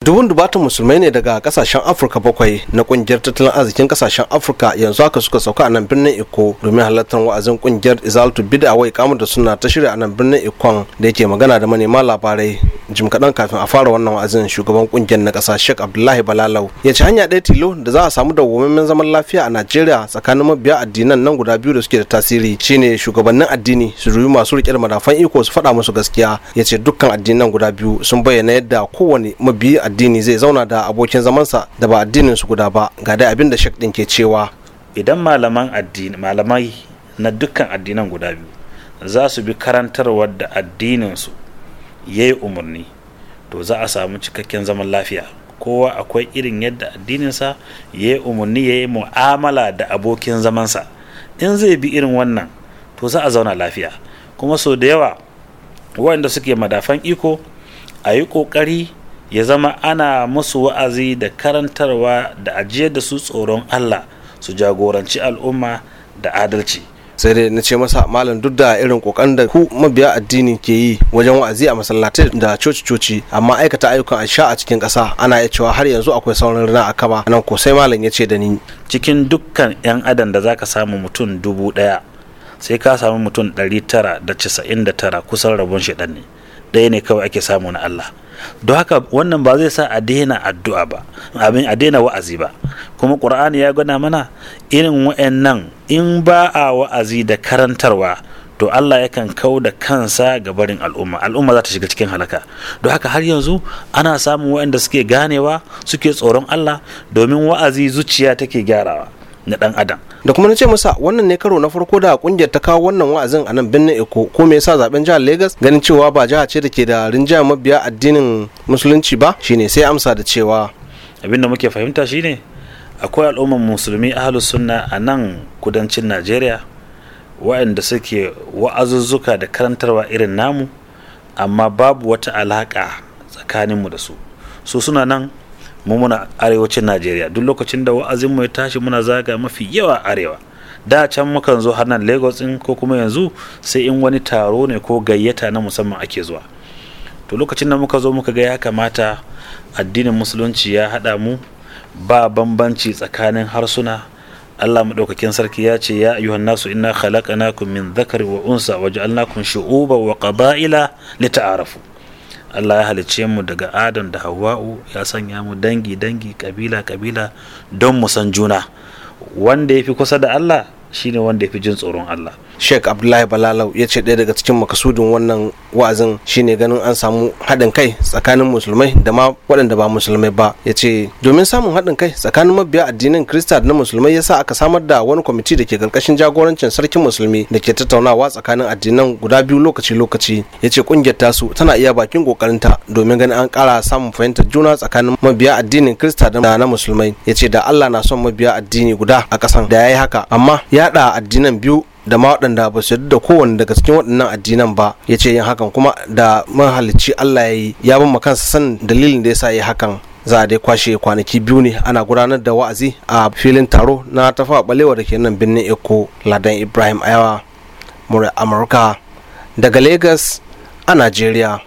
dubun dubatan musulmai ne daga kasashen afirka bakwai na kungiyar tattalin arzikin kasashen afirka yanzu haka suka sauka a nan birnin iko domin halartar wa'azin kungiyar izaltu bida wai kamar da suna ta shirya a nan birnin ikon da yake magana da manema labarai jim kaɗan kafin a fara wannan wa'azin shugaban kungiyar na ƙasa sheikh abdullahi balalau ya ci hanya ɗaya tilo da za a samu dawwammamin zaman lafiya a najeriya tsakanin mabiya addinan nan guda biyu da suke da tasiri shine shugabannin addini su ruyi masu riƙe da madafan iko su faɗa musu gaskiya ya ce dukkan addinan guda biyu sun bayyana yadda kowane mabiya addini zai zauna da abokin zamansa da ba addinin su guda ba ga dai abin da shek din ke cewa idan malaman addini malamai na dukkan addinan guda biyu za su bi karantarwar da addinin su yayi umarni to za a samu cikakken zaman lafiya kowa akwai irin yadda addininsa ya yi umarni yayi mu'amala da abokin zamansa in zai bi irin wannan to za a zauna lafiya kuma sau da yawa waɗanda suke madafan iko a yi ƙoƙari ya zama ana musu wa'azi da karantarwa da ajiye da su tsoron Allah su jagoranci al'umma da adalci sai dai na ce masa malam duk da irin kokan da ku mabiya addini ke yi wajen wa'azi a masallatai da coci-coci amma aikata ayyukan aisha a cikin ƙasa ana iya cewa har yanzu akwai saurin rana a kaba nan ko sai malam ya ce da ni cikin dukkan yan adam da zaka samu mutum dubu daya sai ka samu mutum ɗari tara da casa'in da tara kusan rabon shi ne ɗaya ne kawai ake samu na Allah don haka wannan ba zai sa a daina addu'a ba abin a daina wa'azi ba kuma ƙur'ani ya gwada mana irin wa'annan in ba a wa'azi da karantarwa to Allah yakan kau da kansa ga barin al'umma al'umma za ta shiga cikin halaka don haka har yanzu ana samun wa'anda suke ganewa suke tsoron Allah domin wa'azi zuciya take gyarawa na dan adam da kuma na ce masa wannan ne karo na farko da kungiyar ta kawo wannan wa'azin a nan birnin eko ko me yasa zaben jihar lagos ganin cewa ba jiha ce da ke da rinjaya mabiya addinin musulunci ba shine sai amsa da cewa abinda muke fahimta shine akwai al'ummar musulmi ahlus sunna a nan kudancin najeriya waɗanda suke wa'azuzzuka da karantarwa irin namu amma babu wata alaƙa tsakaninmu da su su suna nan mu muna arewacin najeriya duk lokacin da wa'azin mu ya tashi muna zaga mafi yawa arewa da can mukan zo har nan lagos in ko kuma yanzu sai in wani taro ne ko gayyata na musamman ake zuwa to lokacin da muka zo muka ga ya kamata addinin musulunci ya haɗa mu ba bambanci tsakanin harsuna Allah maɗaukakin sarki ya ce ya ayyuhan nasu inna khalaqnakum min dhakari wa unsa wa ja'alnakum shu'uba wa qaba'ila lita'arafu Allah ya halicce mu daga Adam da Hawwa'u ya sanya mu dangi dangi kabila kabila don mu san juna wanda ya fi kusa da Allah shine wanda ya fi jin tsoron Allah Sheikh Abdullahi Balalau ya ce ɗaya daga cikin makasudin wannan wa'azin shine ganin an samu haɗin kai tsakanin musulmai da ma waɗanda ba musulmai ba ya ce domin samun haɗin kai tsakanin mabiya addinin Kirista da na musulmai yasa aka samar da wani kwamiti da ke ƙarƙashin jagorancin sarkin musulmi da ke tattaunawa tsakanin addinan guda biyu lokaci-lokaci ya ce ƙungiyar tasu tana iya bakin ƙoƙarinta domin ganin an ƙara samun fahimtar juna tsakanin mabiya addinin Kirista da na musulmai ya ce da Allah na son mabiya addini guda a ƙasan da ya yi haka amma ya yada addinan biyu da ma waɗanda ba su yarda da kowanne daga cikin waɗannan addinan ba ya ce yin hakan kuma da mahalicci Allah ya yi ya ban kansa san dalilin da ya sa ya hakan za a dai kwashe kwanaki biyu ne ana gudanar da wa'azi a filin taro na tafa balewa da ke nan birnin eko ladan ibrahim ayawa murai amurka daga lagos a najeriya